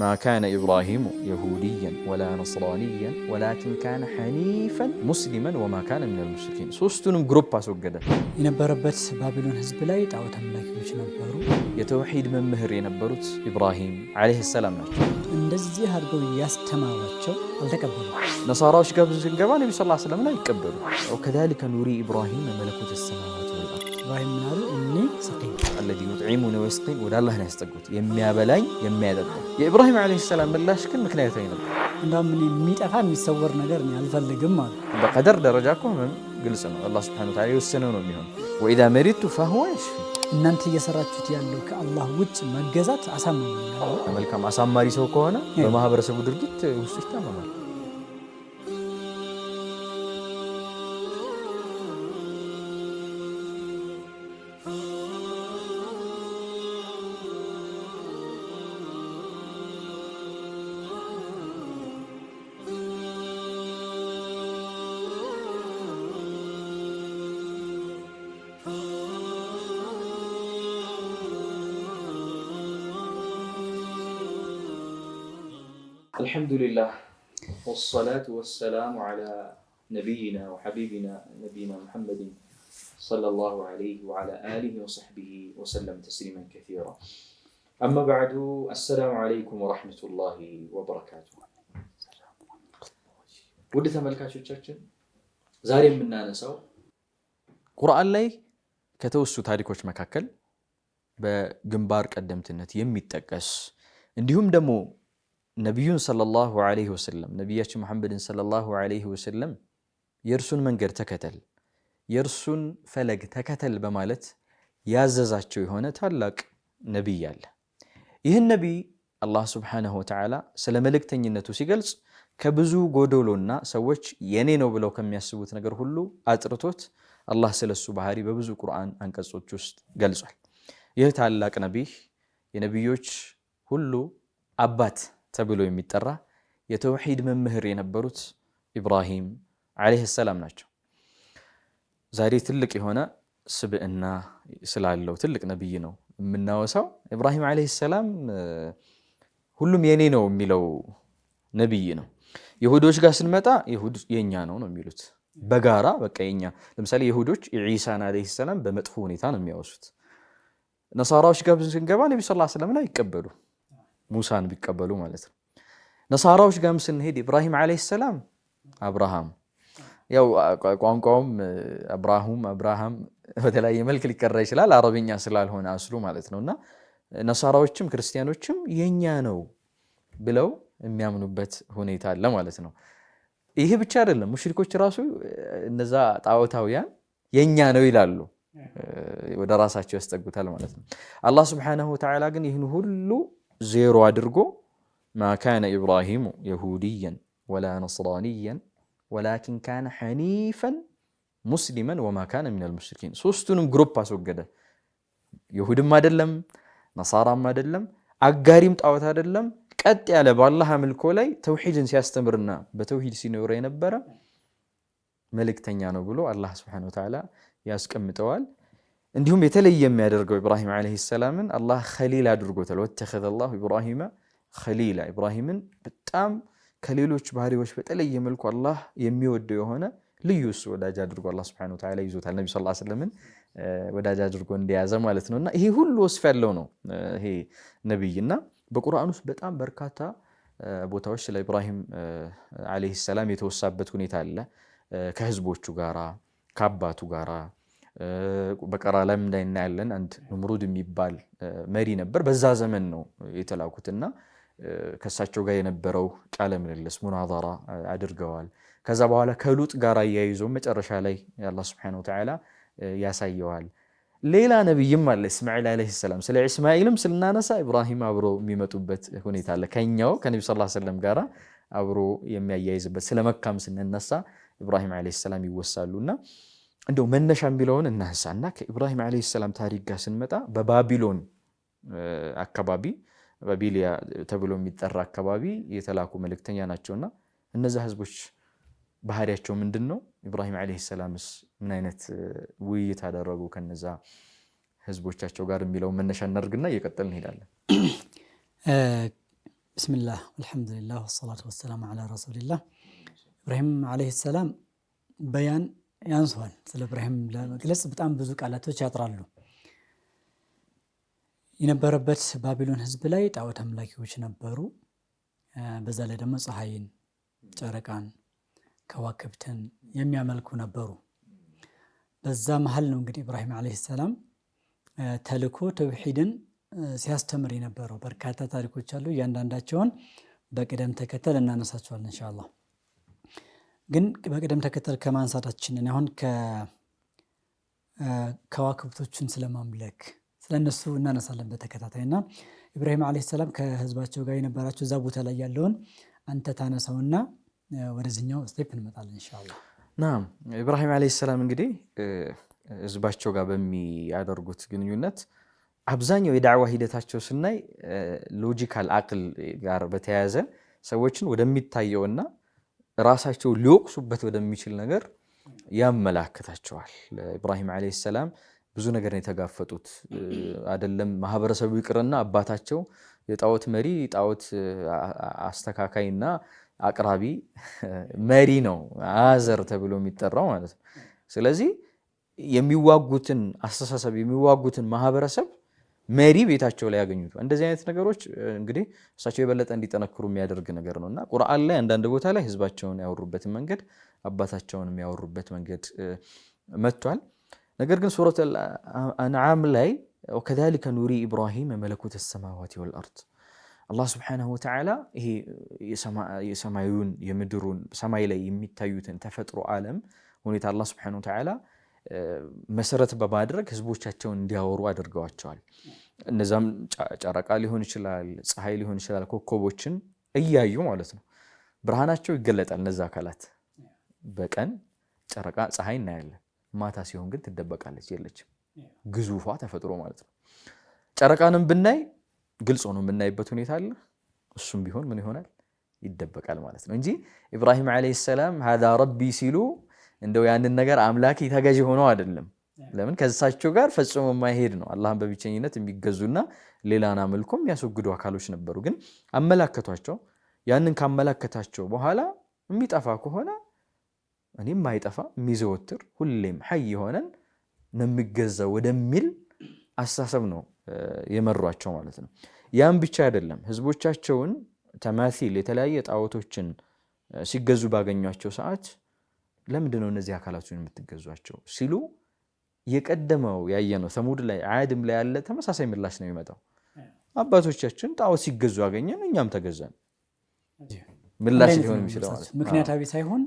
ማ ካነ ኢብራሂሙ የሁድያን ወላ ነስራንያን ወላኪን ካነ ሐኒፈን ሙስሊመን ወማ ካነ ሚነል ሙሽሪኪን። ሶስቱንም ግሩፕ አስወገደ። የነበረበት ባቢሎን ህዝብ ላይ ጣዖት አምላኪዎች ነበሩ። የተውሂድ መምህር የነበሩት ኢብራሂም ዓለይሂ ሰላም ናቸው። እንደዚህ አድርገው እያስተማሯቸው አልተቀበሉ። ነሳራዎች ጋር ብዙ ስንገባ ነቢ ስ ስለም ላይ ይቀበሉ። ኑሪ ኢብራሂም መለኮተ ሰማ ኢብራሂም ምናሉ እኔ ሰቂም አለዚ ዩጥዒሙኒ ወይስቂን ወደ አላህ ነው ያስጠጉት የሚያበላኝ የሚያጠጣ። የኢብራሂም ዓለይሂ ሰላም ምላሽ ግን ምክንያታዊ ነበር። እንዳውም እኔ የሚጠፋ የሚሰወር ነገር እኔ አልፈልግም አሉ። በቀደር ደረጃ እኮ ህመም ግልጽ ነው። አላህ ሱብሓነሁ ወተዓላ የወሰነው ነው የሚሆን። ወኢዛ መሪቱ ፈሁወ የሽፊን። እናንተ እየሰራችሁት ያለው ከአላህ ውጭ መገዛት አሳማኝ መልካም አሳማሪ ሰው ከሆነ በማህበረሰቡ ድርጊት ውስጡ ይታመማል። الحمد لله والصلاة والسلام على نبينا وحبيبنا نبينا محمد صلى الله عليه وعلى آله وصحبه وسلم تسليما كثيرا أما بعد السلام عليكم ورحمة الله وبركاته ودي ثملكا شو تشكل زاري منا نسو قرآن لي كتوسو تاريكوش مكاكل بجنبار قدمت النت يمي التقس عندهم دمو ነቢዩን ሰለላሁ ዐለይሂ ወሰለም ነቢያችን መሐመድን ሰለላሁ ዐለይሂ ወሰለም የእርሱን መንገድ ተከተል፣ የእርሱን ፈለግ ተከተል በማለት ያዘዛቸው የሆነ ታላቅ ነቢይ አለ። ይህን ነቢይ አላህ ሱብሓነሁ ወተዓላ ስለ መልእክተኝነቱ ሲገልጽ ከብዙ ጎዶሎና ሰዎች የኔ ነው ብለው ከሚያስቡት ነገር ሁሉ አጥርቶት አላህ ስለሱ ባህሪ በብዙ ቁርአን አንቀጾች ውስጥ ገልጿል። ይህ ታላቅ ነቢይ የነቢዮች ሁሉ አባት ተብሎ የሚጠራ የተውሂድ መምህር የነበሩት ኢብራሂም ዓለይሂ ሰላም ናቸው። ዛሬ ትልቅ የሆነ ስብዕና ስላለው ትልቅ ነቢይ ነው የምናወሳው። ኢብራሂም ዓለይሂ ሰላም ሁሉም የኔ ነው የሚለው ነቢይ ነው። ይሁዶች ጋር ስንመጣ ይሁድ የኛ ነው ነው የሚሉት በጋራ በቃ የኛ። ለምሳሌ ይሁዶች ዒሳን ዓለይሂ ሰላም በመጥፎ ሁኔታ ነው የሚያወሱት። ነሳራዎች ጋር ስንገባ ነቢ ስ ሰላምን አይቀበሉ ሙሳን ቢቀበሉ ማለት ነው። ነሳራዎች ጋም ስንሄድ ኢብራሂም ዓለይሂ ሰላም አብርሃም፣ ያው ቋንቋውም አብራሁም አብርሃም በተለያየ መልክ ሊቀራ ይችላል፣ አረብኛ ስላልሆነ አስሉ ማለት ነው። እና ነሳራዎችም ክርስቲያኖችም የኛ ነው ብለው የሚያምኑበት ሁኔታ አለ ማለት ነው። ይህ ብቻ አይደለም። ሙሽሪኮች ራሱ እነዛ ጣዖታውያን የኛ ነው ይላሉ፣ ወደ ራሳቸው ያስጠጉታል ማለት ነው። አላህ ስብሓነሁ ወተዓላ ግን ይህን ሁሉ ዜሮ አድርጎ ማካነ ኢብራሂሙ የሁድየን ወላ ነስራንየን ወላኪን ካነ ሐኒፈን ሙስሊመን ወማካነ ሚነል ሙሽሪኪን። ሶስቱንም ግሩፕ አስወገደ። የሁድም አይደለም፣ ነሳራም አይደለም፣ አጋሪም ጣዖት አይደለም። ቀጥ ያለ በአላህ አምልኮ ላይ ተውሂድን ሲያስተምርና በተውሂድ ሲኖረ የነበረ መልእክተኛ ነው ብሎ አላህ ስብሐነሁ ወተዓላ ያስቀምጠዋል። እንዲሁም የተለየ የሚያደርገው ኢብራሂም ዓለይሂ ሰላምን አላህ ኸሊል አድርጎታል። ወተኸዘ አላሁ ኢብራሂማ ኸሊላ ኢብራሂምን በጣም ከሌሎች ባህሪዎች በተለየ መልኩ አላህ የሚወደው የሆነ ልዩ እሱ ወዳጅ አድርጎ አላህ ሱብሓነሁ ወተዓላ ይዞታል። ነቢ ሰለላሁ ዐለይሂ ወሰለምን ወዳጅ አድርጎ እንደያዘ ማለት ነው። እና ይሄ ሁሉ ወስፍ ያለው ነው ይሄ ነቢይ። እና በቁርአን ውስጥ በጣም በርካታ ቦታዎች ስለ ኢብራሂም ዓለይሂ ሰላም የተወሳበት ሁኔታ አለ ከህዝቦቹ ጋራ ከአባቱ ጋራ በቀራ ላይም ላይ እናያለን። አንድ ኑምሩድ የሚባል መሪ ነበር። በዛ ዘመን ነው የተላኩትና ከእሳቸው ጋር የነበረው ቃለ ምልልስ ሙናዛራ አድርገዋል። ከዛ በኋላ ከሉጥ ጋር አያይዞ መጨረሻ ላይ አላህ ሱብሓነሁ ወተዓላ ያሳየዋል። ሌላ ነቢይም አለ እስማኤል ዓለይሂ ሰላም። ስለ እስማኤልም ስናነሳ ኢብራሂም አብሮ የሚመጡበት ሁኔታ አለ። ከኛው ከነቢ ስ ሰለም ጋር አብሮ የሚያያይዝበት ስለ መካም ስንነሳ ኢብራሂም ዓለይሂ ሰላም ይወሳሉና እንደው መነሻ የሚለውን እና ከኢብራሂም ዓለይሂ ሰላም ታሪክ ጋር ስንመጣ በባቢሎን አካባቢ ባቢሊያ ተብሎ የሚጠራ አካባቢ የተላኩ መልእክተኛ ናቸውና እነዛ ህዝቦች ባህሪያቸው ምንድን ነው? ኢብራሂም ዓለይሂ ሰላምስ ምን አይነት ውይይት አደረጉ ከነዛ ህዝቦቻቸው ጋር የሚለውን መነሻ እናድርግና እየቀጠል እንሄዳለን። ብስሚላህ አልሐምዱሊላህ ወሰላቱ ወሰላሙ ዓላ ረሱሊላህ ኢብራሂም ዓለይሂ ሰላም በያን ያንሰዋል ስለ ኢብራሂም ለመግለጽ በጣም ብዙ ቃላቶች ያጥራሉ። የነበረበት ባቢሎን ህዝብ ላይ ጣዖት አምላኪዎች ነበሩ። በዛ ላይ ደግሞ ፀሐይን፣ ጨረቃን፣ ከዋክብትን የሚያመልኩ ነበሩ። በዛ መሀል ነው እንግዲህ ኢብራሂም ዓለይሂ ሰላም ተልኮ ተውሒድን ሲያስተምር የነበረው። በርካታ ታሪኮች አሉ። እያንዳንዳቸውን በቅደም ተከተል እናነሳቸዋለን እንሻላ። ግን በቅደም ተከተል ከማንሳታችን አሁን ከዋክብቶችን ስለማምለክ ስለነሱ እናነሳለን በተከታታይ እና ኢብራሂም ዓለይሂ ሰላም ከህዝባቸው ጋር የነበራቸው እዛ ቦታ ላይ ያለውን አንተ ታነሳውና ወደዚህኛው ስቴፕ እንመጣለን እንሻላ። ናም ኢብራሂም ዓለይሂ ሰላም እንግዲህ ህዝባቸው ጋር በሚያደርጉት ግንኙነት አብዛኛው የዳዕዋ ሂደታቸው ስናይ ሎጂካል አቅል ጋር በተያያዘ ሰዎችን ወደሚታየውና ራሳቸው ሊወቅሱበት ወደሚችል ነገር ያመላክታቸዋል። ኢብራሂም ዓለይሂ ሰላም ብዙ ነገር ነው የተጋፈጡት። አይደለም ማህበረሰቡ ይቅርና አባታቸው የጣዖት መሪ ጣዖት አስተካካይና አቅራቢ መሪ ነው፣ አዘር ተብሎ የሚጠራው ማለት ነው። ስለዚህ የሚዋጉትን አስተሳሰብ የሚዋጉትን ማህበረሰብ መሪ ቤታቸው ላይ ያገኙት። እንደዚህ አይነት ነገሮች እንግዲህ እሳቸው የበለጠ እንዲጠነክሩ የሚያደርግ ነገር ነው እና ቁርአን ላይ አንዳንድ ቦታ ላይ ህዝባቸውን ያወሩበትን መንገድ አባታቸውን የሚያወሩበት መንገድ መጥቷል። ነገር ግን ሱረት አንዓም ላይ ወከዛሊከ ኑሪ ኢብራሂም መለኩተ ሰማዋት ወልአርድ አላህ ስብሓነሁ ወተዓላ ይሄ የሰማዩን የምድሩን ሰማይ ላይ የሚታዩትን ተፈጥሮ ዓለም ሁኔታ አላህ ስብሓነሁ ወተዓላ መሰረት በማድረግ ህዝቦቻቸውን እንዲያወሩ አድርገዋቸዋል። እነዛም ጨረቃ ሊሆን ይችላል፣ ፀሐይ ሊሆን ይችላል፣ ኮከቦችን እያዩ ማለት ነው። ብርሃናቸው ይገለጣል። እነዛ አካላት በቀን ጨረቃ ፀሐይ እናያለን። ማታ ሲሆን ግን ትደበቃለች፣ የለችም። ግዙፏ ተፈጥሮ ማለት ነው። ጨረቃንም ብናይ ግልጽ ሆኖ የምናይበት ሁኔታ አለ። እሱም ቢሆን ምን ይሆናል? ይደበቃል ማለት ነው እንጂ ኢብራሂም ዓለይሂ ሰላም ሀዛ ረቢ ሲሉ እንደው ያንን ነገር አምላክ ተገዥ ሆኖ አይደለም። ለምን ከእሳቸው ጋር ፈጽሞ የማይሄድ ነው። አላህን በብቸኝነት የሚገዙና ሌላን አምልኮ የሚያስወግዱ አካሎች ነበሩ። ግን አመላከቷቸው። ያንን ካመላከታቸው በኋላ የሚጠፋ ከሆነ እኔም ማይጠፋ የሚዘወትር ሁሌም ሀይ የሆነን የሚገዛ ወደሚል አስተሳሰብ ነው የመሯቸው ማለት ነው። ያም ብቻ አይደለም። ህዝቦቻቸውን ተማሲል የተለያየ ጣዖቶችን ሲገዙ ባገኟቸው ሰዓት ለምንድን ነው እነዚህ አካላቶችን የምትገዟቸው ሲሉ የቀደመው ያየነው ሰሙድ ላይ አያድም ላይ ያለ ተመሳሳይ ምላሽ ነው የሚመጣው። አባቶቻችን ጣዖት ሲገዙ አገኘን፣ እኛም ተገዛን። ምላሽ ሊሆን የሚችለው ምክንያታዊ ሳይሆን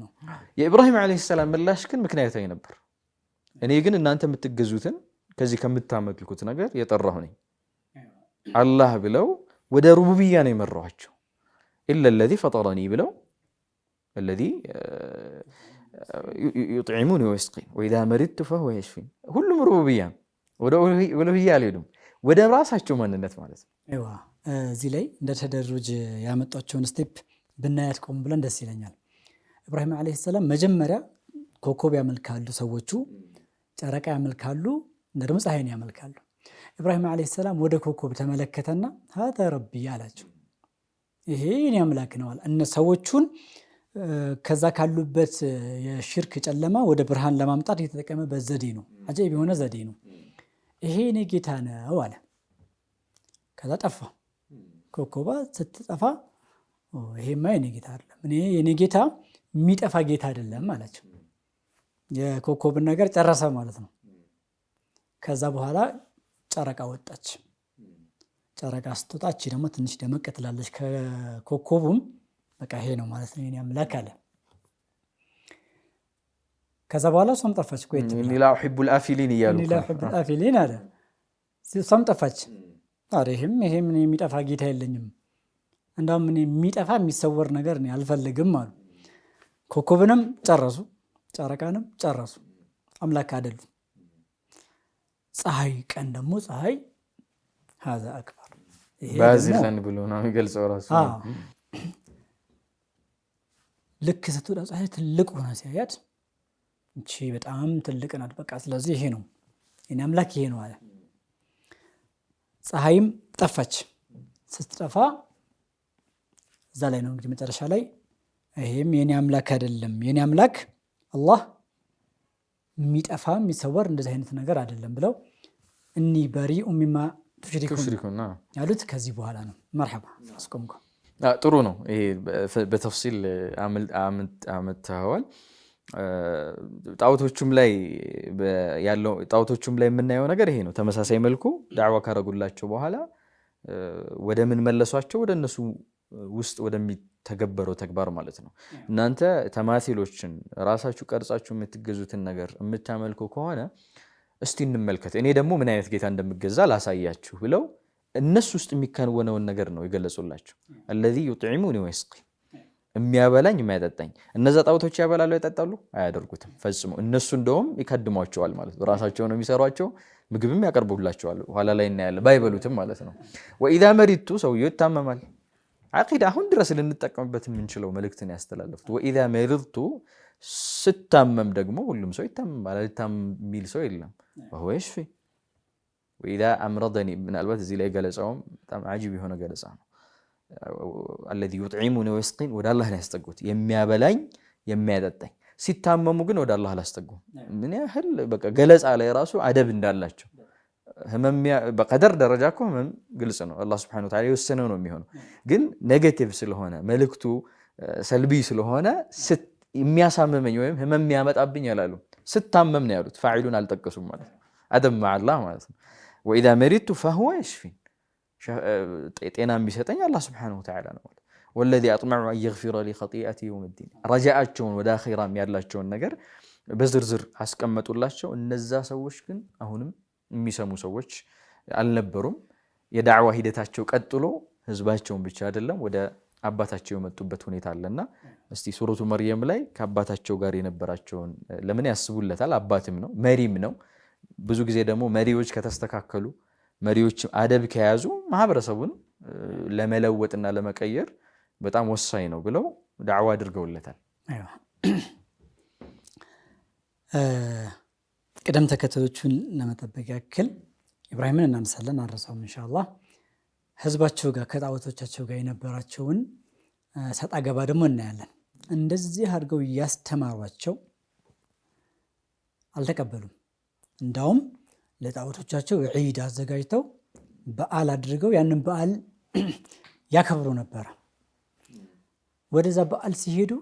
ነው። የኢብራሂም ዓለይሂ ሰላም ምላሽ ግን ምክንያታዊ ነበር። እኔ ግን እናንተ የምትገዙትን ከዚህ ከምታመልኩት ነገር የጠራሁ ነኝ። አላህ ብለው ወደ ሩቡብያ ነው የመራኋቸው። ኢለ ለዚ ፈጠረኒ ብለው الذي ዩጥዒሙን ወይስቂን ወኢዛ መሪድቱ ፈሁወ የሽፊን ሁሉም ሩቡብያ ወደ ኡሉሂያ አልሄዱም፣ ወደ ራሳቸው ማንነት ማለት ነው። እዚህ ላይ እንደ ተደሩጅ ያመጧቸውን ስቴፕ ብናያት ቆም ብለን ደስ ይለኛል። ኢብራሂም ዓለይሂ ሰላም መጀመሪያ ኮከብ ያመልካሉ ሰዎቹ፣ ጨረቃ ያመልካሉ፣ ደግሞ ፀሐይን ያመልካሉ። ኢብራሂም ዓለይሂ ሰላም ወደ ኮከብ ተመለከተና ሀተ ረቢ አላቸው፣ ይሄ የኔ አምላክ ነዋል እነ ሰዎቹን ከዛ ካሉበት የሽርክ ጨለማ ወደ ብርሃን ለማምጣት የተጠቀመ በዘዴ ነው። አጀብ የሆነ ዘዴ ነው። ይሄ እኔ ጌታ ነው አለ። ከዛ ጠፋ። ኮከቧ ስትጠፋ ይሄማ የኔ ጌታ አይደለም፣ እኔ የኔ ጌታ የሚጠፋ ጌታ አይደለም አላቸው። የኮከብን ነገር ጨረሰ ማለት ነው። ከዛ በኋላ ጨረቃ ወጣች። ጨረቃ ስትወጣች ደግሞ ትንሽ ደመቅ ትላለች ከኮከቡም በቃ ይሄ ነው ማለት ነው የኔ አምላክ አለ። ከዛ በኋላ እሷም ጠፋች። ቆይት ላ ሒቡል አፊሊን አለ። እሷም ጠፋች። ኧረ ይሄም ይሄም የሚጠፋ ጌታ የለኝም፣ እንዳውም የሚጠፋ የሚሰወር ነገር አልፈልግም አሉ። ኮከብንም ጨረሱ፣ ጨረቃንም ጨረሱ፣ አምላክ አደሉ። ፀሐይ ቀን ደግሞ ፀሐይ ሀዛ አክባር በዚህ ዘንድ ብሎ ነው የሚገልጸው ራሱ ልክ ስትወጣ ፀሐይ ትልቅ ሆና ሲያያት እቺ በጣም ትልቅ ናት፣ በቃ ስለዚህ ይሄ ነው የኔ አምላክ ይሄ ነው አለ። ፀሐይም ጠፋች። ስትጠፋ እዛ ላይ ነው እንግዲህ መጨረሻ ላይ ይሄም የኔ አምላክ አይደለም፣ የኔ አምላክ አላህ የሚጠፋ የሚሰወር እንደዚህ አይነት ነገር አይደለም ብለው እኒ በሪ ሚማ ቱሽሪኩን ያሉት ከዚህ በኋላ ነው። መርሐባ አስቆምኩ። ጥሩ ነው። ይሄ በተፍሲል አምትኸዋል። ጣዖቶቹም ላይ ያለው ጣዖቶቹም ላይ የምናየው ነገር ይሄ ነው። ተመሳሳይ መልኩ ዳዕዋ ካረጉላቸው በኋላ ወደ ምን መለሷቸው? ወደ እነሱ ውስጥ ወደሚተገበረው ተግባር ማለት ነው። እናንተ ተማሲሎችን ራሳችሁ ቀርጻችሁ የምትገዙትን ነገር የምታመልኩ ከሆነ እስቲ እንመልከት፣ እኔ ደግሞ ምን አይነት ጌታ እንደምገዛ ላሳያችሁ ብለው እነሱ ውስጥ የሚከናወነውን ነገር ነው የገለጹላቸው። አለዚ ዩጥዒሙኒ ወይስቂ የሚያበላኝ የሚያጠጣኝ። እነዛ ጣውቶች ያበላሉ ያጠጣሉ? አያደርጉትም ፈጽሞ። እነሱ እንደውም ይከድሟቸዋል ማለት ነው። ራሳቸው ነው የሚሰሯቸው፣ ምግብም ያቀርቡላቸዋል። ኋላ ላይ እናያለን፣ ባይበሉትም ማለት ነው። ወኢዛ መሪቱ ሰውየው ይታመማል። አቂዳ አሁን ድረስ ልንጠቀምበት የምንችለው መልእክትን ያስተላለፉት። ወኢዛ መሪቱ ስታመም ደግሞ ሁሉም ሰው ይታመማል። አልታመም የሚል ሰው የለም። ወሁወ የሽፊ ወኢዛ አምረደኒ ምናልባት እዚህ ላይ ገለጻውም በጣም አጂብ የሆነ ገለጻ ነው። አለዚ ዩጥዒሙኒ ወይስቂን ወደ አላህ ያስጠጉት፣ የሚያበላኝ የሚያጠጣኝ። ሲታመሙ ግን ወደ አላህ አላስጠጉም። ምን ያህል በቃ ገለጻ ላይ ራሱ አደብ እንዳላቸው በቀደር ደረጃ እኮ ህመም ግልጽ ነው። አላህ ሱብሓነሁ ወተዓላ የወሰነው ነው የሚሆነው። ግን ኔጌቲቭ ስለሆነ መልእክቱ ሰልቢ ስለሆነ የሚያሳምመኝ ወይም ህመም የሚያመጣብኝ አላሉም። ስታመም ነው ያሉት። ፋዒሉን አልጠቀሱም ማለት ነው። አደብ መዐላህ ማለት ነው። ወኢዛ መሪቱ ፈሁወ የሽፊን ጤና የሚሰጠኝ አላህ ስብሓነሁ ወተዓላ ነው። ወለዚ አጥመዑ አን የግፊረ ሊ ኸጢአቲ የውመዲን ረጃአቸውን ወደ አኺራም ያላቸውን ነገር በዝርዝር አስቀመጡላቸው። እነዛ ሰዎች ግን አሁንም የሚሰሙ ሰዎች አልነበሩም። የዳዕዋ ሂደታቸው ቀጥሎ ህዝባቸውን ብቻ አይደለም ወደ አባታቸው የመጡበት ሁኔታ አለና እስቲ ሱረቱ መርየም ላይ ከአባታቸው ጋር የነበራቸውን ለምን ያስቡለታል። አባትም ነው መሪም ነው። ብዙ ጊዜ ደግሞ መሪዎች ከተስተካከሉ መሪዎች አደብ ከያዙ ማህበረሰቡን ለመለወጥና ለመቀየር በጣም ወሳኝ ነው ብለው ዳዕዋ አድርገውለታል። ቅደም ተከተሎቹን ለመጠበቅ ያክል ኢብራሂምን እናነሳለን፣ አንረሳውም እንሻላ ህዝባቸው ጋር ከጣዖቶቻቸው ጋር የነበራቸውን ሰጣ ገባ ደግሞ እናያለን። እንደዚህ አድርገው እያስተማሯቸው አልተቀበሉም። እንዳውም ለጣዖቶቻቸው ዒድ አዘጋጅተው በዓል አድርገው ያንን በዓል ያከብሩ ነበረ። ወደዛ በዓል ሲሄዱ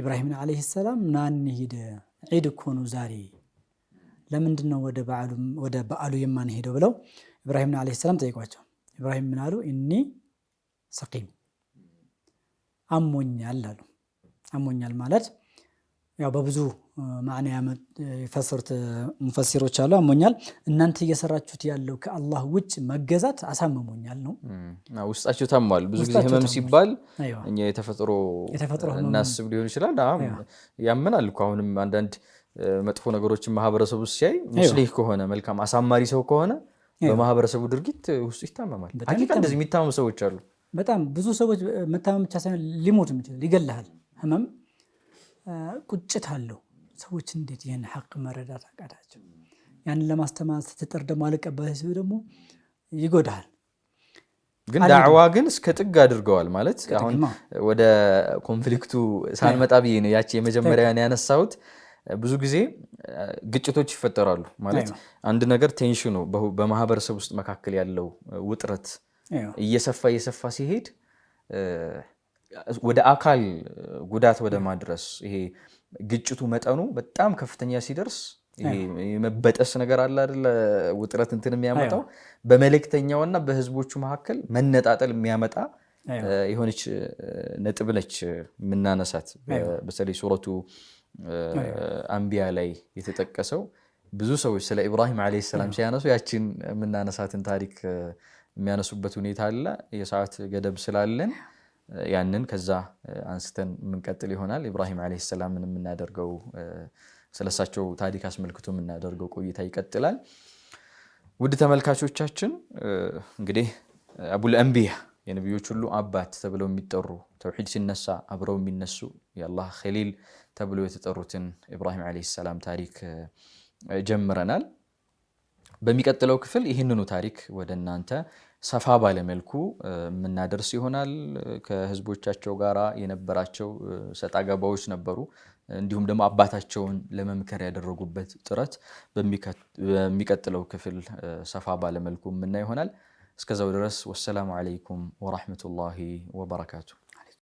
ኢብራሂምን ዓለይሂ ሰላም ናን እንሂድ፣ ዒድ እኮ ነው ዛሬ፣ ለምንድን ነው ወደ በዓሉ የማንሄደው ብለው ኢብራሂምን ዓለይሂ ሰላም ጠይቋቸው። ኢብራሂም ምን አሉ? እኒ ሰቂም አሞኛል አሉ። አሞኛል ማለት ያው በብዙ ማዕና የፈሰሩት ሙፈሲሮች አሉ። አሞኛል እናንተ እየሰራችሁት ያለው ከአላህ ውጭ መገዛት አሳምሞኛል ነው። ውስጣችሁ ታሟል። ብዙ ጊዜ ህመም ሲባል እኛ የተፈጥሮ እናስብ ሊሆን ይችላል። ያምናል እኮ አሁንም አንዳንድ መጥፎ ነገሮችን ማህበረሰቡ ሲያይ ሙስሊህ ከሆነ መልካም አሳማሪ ሰው ከሆነ በማህበረሰቡ ድርጊት ውስጡ ይታመማል። ሀቂቃ እንደዚህ የሚታመሙ ሰዎች አሉ። በጣም ብዙ ሰዎች መታመም ብቻ ሳይሆን ሊሞት ይችላል። ይገልሃል ህመም ቁጭት አለው። ሰዎች እንዴት ይህን ሀቅ መረዳት አቃታቸው? ያንን ለማስተማር ስትጥር ደግሞ አልቀባይ ህዝብ ደግሞ ይጎዳል። ግን ዳዕዋ ግን እስከ ጥግ አድርገዋል። ማለት አሁን ወደ ኮንፍሊክቱ ሳንመጣ ብዬ ነው ያቺ የመጀመሪያን ያነሳሁት። ብዙ ጊዜ ግጭቶች ይፈጠራሉ። ማለት አንድ ነገር ቴንሽኑ በማህበረሰብ ውስጥ መካከል ያለው ውጥረት እየሰፋ እየሰፋ ሲሄድ ወደ አካል ጉዳት ወደ ማድረስ ይሄ ግጭቱ መጠኑ በጣም ከፍተኛ ሲደርስ የመበጠስ ነገር አለ አይደለ? ውጥረት እንትን የሚያመጣው በመልእክተኛውና በህዝቦቹ መካከል መነጣጠል የሚያመጣ የሆነች ነጥብ ነች የምናነሳት። በተለይ ሱረቱ አንቢያ ላይ የተጠቀሰው ብዙ ሰዎች ስለ ኢብራሂም ዓለይሂ ሰላም ሲያነሱ ያችን የምናነሳትን ታሪክ የሚያነሱበት ሁኔታ አለ። የሰዓት ገደብ ስላለን ያንን ከዛ አንስተን የምንቀጥል ይሆናል። ኢብራሂም ዓለይሂ ሰላምን የምናደርገው ስለሳቸው ታሪክ አስመልክቶ የምናደርገው ቆይታ ይቀጥላል። ውድ ተመልካቾቻችን እንግዲህ አቡል አንቢያ የነቢዮች ሁሉ አባት ተብለው የሚጠሩ ተውሒድ ሲነሳ አብረው የሚነሱ የአላህ ኸሊል ተብለው የተጠሩትን ኢብራሂም ዓለይሂ ሰላም ታሪክ ጀምረናል። በሚቀጥለው ክፍል ይህንኑ ታሪክ ወደ እናንተ ሰፋ ባለመልኩ የምናደርስ ይሆናል። ከህዝቦቻቸው ጋር የነበራቸው ሰጣ ገባዎች ነበሩ። እንዲሁም ደግሞ አባታቸውን ለመምከር ያደረጉበት ጥረት በሚቀጥለው ክፍል ሰፋ ባለመልኩ የምና ይሆናል። እስከዛው ድረስ ወሰላሙ አለይኩም ወራህመቱላሂ ወበረካቱ።